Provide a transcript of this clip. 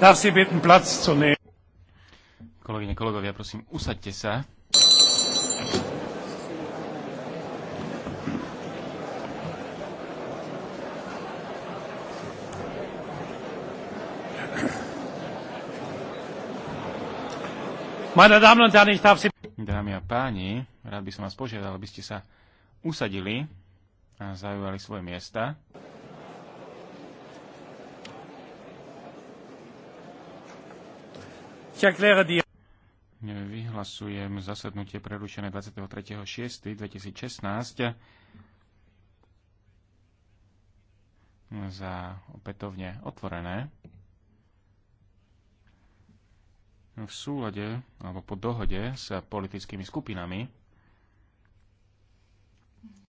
Darf Sie bitten, Platz zu nehmen. Kolegyne, kolegovia, prosím, usaďte sa. Dámy a páni, rád by som vás požiadal, aby ste sa usadili a zaujali svoje miesta. Vyhlasujem zasadnutie prerušené 23.6.2016 za opätovne otvorené. V súlade alebo po dohode s politickými skupinami